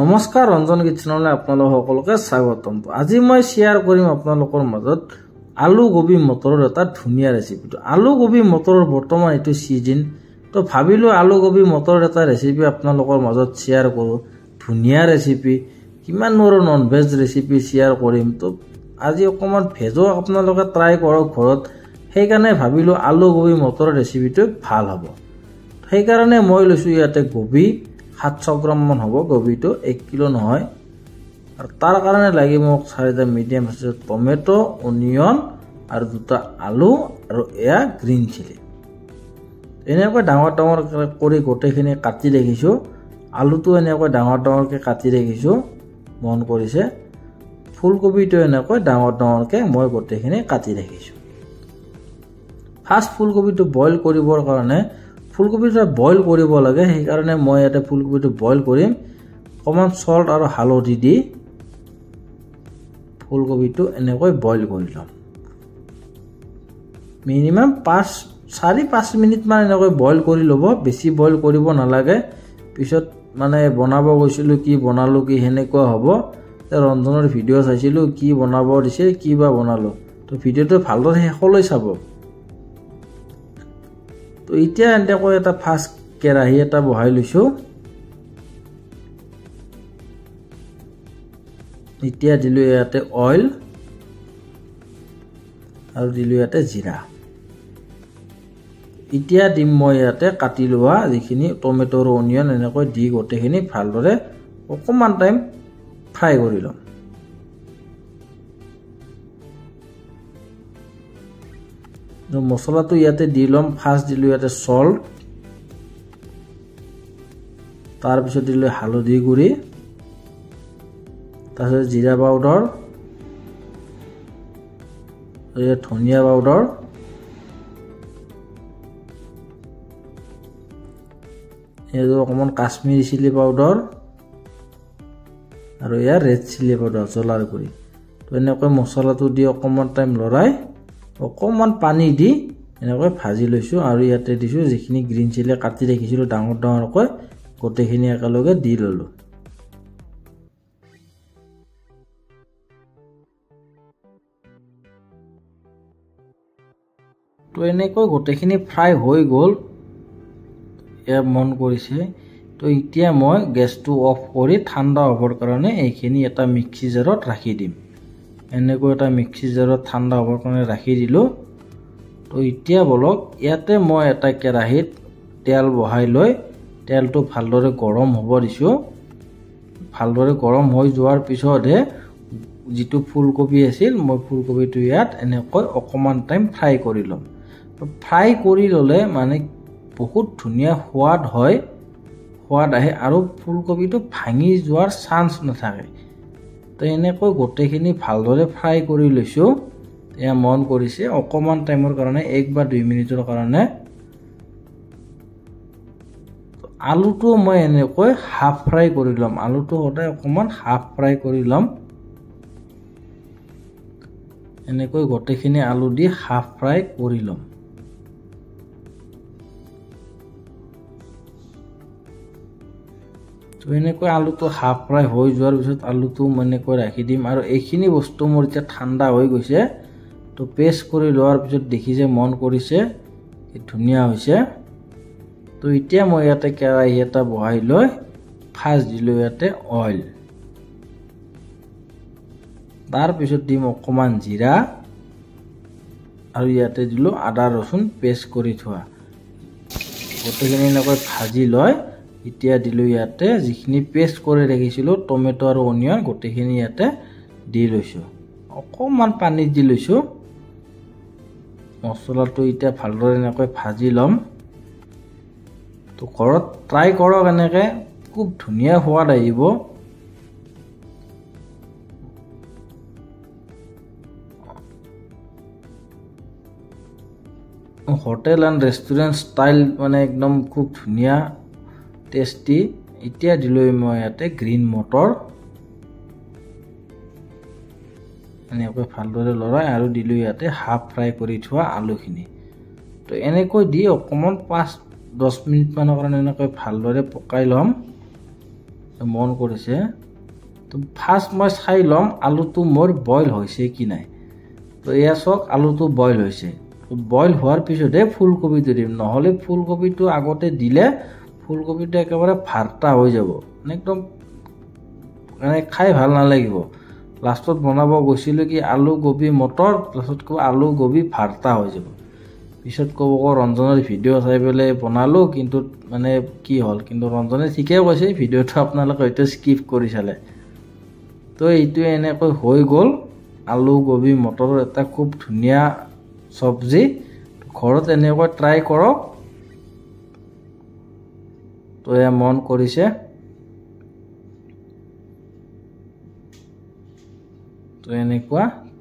নমস্কাৰ ৰঞ্জন কিটচেনলৈ আপোনালোক সকলোকে স্বাগতম আজি মই শ্বেয়াৰ কৰিম আপোনালোকৰ মাজত আলু গোবি মটৰৰ এটা ধুনীয়া ৰেচিপিটো আলু গোবি মটৰৰ বৰ্তমান এইটো ছিজন তো ভাবিলোঁ আলু গোবি মটৰৰ এটা ৰেচিপি আপোনালোকৰ মাজত শ্বেয়াৰ কৰোঁ ধুনীয়া ৰেচিপি কিমান মোৰ নন ভেজ ৰেচিপি শ্বেয়াৰ কৰিম তো আজি অকণমান ভেজো আপোনালোকে ট্ৰাই কৰক ঘৰত সেইকাৰণে ভাবিলোঁ আলু গোবি মটৰৰ ৰেচিপিটো ভাল হ'ব সেইকাৰণে মই লৈছোঁ ইয়াতে গোবী সাতশ গ্ৰামমান হ'ব গোবিটো এক কিলো নহয় আৰু তাৰ কাৰণে লাগে মোক চাৰিটা মিডিয়াম চাইজত টমেট' অনিয়ন আৰু দুটা আলু আৰু এয়া গ্ৰীণ চিলি এনেকৈ ডাঙৰ ডাঙৰকৈ কৰি গোটেইখিনি কাটি ৰাখিছোঁ আলুটো এনেকৈ ডাঙৰ ডাঙৰকৈ কাটি ৰাখিছোঁ মন কৰিছে ফুলকবিটো এনেকৈ ডাঙৰ ডাঙৰকৈ মই গোটেইখিনি কাটি ৰাখিছোঁ ফাৰ্ষ্ট ফুলকবিটো বইল কৰিবৰ কাৰণে ফুলকবি ফুলকবিটো বইল কৰিব লাগে সেইকাৰণে মই ইয়াতে ফুলকবিটো বইল কৰিম অকণমান চল্ট আৰু হালধি দি ফুলকবিটো এনেকৈ বইল কৰি ল'ম মিনিমাম পাঁচ চাৰি পাঁচ মিনিটমান এনেকৈ বইল কৰি ল'ব বেছি বইল কৰিব নালাগে পিছত মানে বনাব গৈছিলোঁ কি বনালোঁ কি সেনেকুৱা হ'ব ৰন্ধনৰ ভিডিঅ' চাইছিলোঁ কি বনাব দিছে কি বা বনালোঁ তো ভিডিঅ'টো ভালদৰে শেষলৈ চাব তো এতিয়া এনেকৈ এটা ফাষ্ট কেৰাহী এটা বহাই লৈছোঁ এতিয়া দিলোঁ ইয়াতে অইল আৰু দিলোঁ ইয়াতে জিৰা এতিয়া দিম মই ইয়াতে কাটি লোৱা যিখিনি টমেট' আৰু অনিয়ন এনেকৈ দি গোটেইখিনি ভালদৰে অকণমান টাইম ফ্ৰাই কৰি ল'ম মচলাটো ইয়াতে দি ল'ম ফাৰ্ষ্ট দিলোঁ ইয়াতে চল্ট তাৰপিছত দিলোঁ হালধি গুড়ি তাৰপিছত জিৰা পাউডাৰ ধনিয়া পাউডাৰ এইটো অকণমান কাশ্মীৰী চিলি পাউডাৰ আৰু ইয়াৰ ৰেড চিলি পাউডাৰ জ্বলাৰ গুড়ি তো এনেকৈ মচলাটো দি অকণমান টাইম লৰাই অকণমান পানী দি এনেকৈ ভাজি লৈছোঁ আৰু ইয়াতে দিছোঁ যিখিনি গ্ৰীণ চিলি কাটি ৰাখিছিলোঁ ডাঙৰ ডাঙৰকৈ গোটেইখিনি একেলগে দি ল'লোঁ তো এনেকৈ গোটেইখিনি ফ্ৰাই হৈ গ'ল এয়া মন কৰিছে তো এতিয়া মই গেছটো অফ কৰি ঠাণ্ডা হ'বৰ কাৰণে এইখিনি এটা মিক্সি জাৰত ৰাখি দিম এনেকৈ এটা মিক্সি জাৰত ঠাণ্ডা হ'বৰ কাৰণে ৰাখি দিলোঁ তো এতিয়া বলক ইয়াতে মই এটা কেৰাহীত তেল বহাই লৈ তেলটো ভালদৰে গৰম হ'ব দিছোঁ ভালদৰে গৰম হৈ যোৱাৰ পিছতহে যিটো ফুলকবি আছিল মই ফুলকবিটো ইয়াত এনেকৈ অকণমান টাইম ফ্ৰাই কৰি ল'ম ফ্ৰাই কৰি ল'লে মানে বহুত ধুনীয়া সোৱাদ হয় সোৱাদ আহে আৰু ফুলকবিটো ভাঙি যোৱাৰ চান্স নাথাকে তো এনেকৈ গোটেইখিনি ভালদৰে ফ্ৰাই কৰি লৈছোঁ এয়া মন কৰিছে অকণমান টাইমৰ কাৰণে এক বা দুই মিনিটৰ কাৰণে আলুটো মই এনেকৈ হাফ ফ্ৰাই কৰি ল'ম আলুটো সদায় অকণমান হাফ ফ্ৰাই কৰি ল'ম এনেকৈ গোটেইখিনি আলু দি হাফ ফ্ৰাই কৰি ল'ম তো এনেকৈ আলুটো হাফ ফ্ৰাই হৈ যোৱাৰ পিছত আলুটো মই এনেকৈ ৰাখি দিম আৰু এইখিনি বস্তু মোৰ এতিয়া ঠাণ্ডা হৈ গৈছে তো পেষ্ট কৰি লোৱাৰ পিছত দেখি যে মন কৰিছে ধুনীয়া হৈছে তো এতিয়া মই ইয়াতে কেৰাহী এটা বহাই লৈ ফাৰ্ষ্ট দিলোঁ ইয়াতে অইল তাৰপিছত দিম অকণমান জিৰা আৰু ইয়াতে দিলোঁ আদা ৰচুন পেষ্ট কৰি থোৱা গোটেইখিনি এনেকৈ ভাজি লয় এতিয়া দিলোঁ ইয়াতে যিখিনি পেষ্ট কৰি ৰাখিছিলোঁ টমেট' আৰু অনিয়ন গোটেইখিনি ইয়াতে দি লৈছোঁ অকণমান পানীত দি লৈছোঁ মচলাটো এতিয়া ভালদৰে এনেকৈ ভাজি ল'ম তো ঘৰত ট্ৰাই কৰক এনেকৈ খুব ধুনীয়া সোৱাদ আহিব হোটেল এণ্ড ৰেষ্টুৰেণ্ট ষ্টাইল মানে একদম খুব ধুনীয়া টেষ্টি এতিয়া দিলোঁ মই ইয়াতে গ্ৰীণ মটৰ এনেকৈ ভালদৰে লৰাই আৰু দিলোঁ ইয়াতে হাফ ফ্ৰাই কৰি থোৱা আলুখিনি তো এনেকৈ দি অকণমান পাঁচ দহ মিনিটমানৰ কাৰণে এনেকৈ ভালদৰে পকাই ল'ম মন কৰিছে তো ফাৰ্ষ্ট মই চাই ল'ম আলুটো মোৰ বইল হৈছে কি নাই তো এয়া চাওক আলুটো বইল হৈছে বইল হোৱাৰ পিছতহে ফুলকবিটো দিম নহ'লে ফুলকবিটো আগতে দিলে ফুলকবিটো একেবাৰে ভাৰ্তা হৈ যাব একদম মানে খাই ভাল নালাগিব লাষ্টত বনাব গৈছিলোঁ কি আলু গোবি মটৰ লাষ্টত ক'ব আলু কবি ভাৰ্তা হৈ যাব পিছত ক'ব আকৌ ৰঞ্জনৰ ভিডিঅ' চাই পেলাই বনালোঁ কিন্তু মানে কি হ'ল কিন্তু ৰঞ্জনে ঠিকেই কৈছে ভিডিঅ'টো আপোনালোকে হয়তো স্কিপ কৰি চালে তো এইটোৱে এনেকৈ হৈ গ'ল আলু কবি মটৰৰ এটা খুব ধুনীয়া চব্জি ঘৰত এনেকৈ ট্ৰাই কৰক তো এ মন করেছে তো এনেকা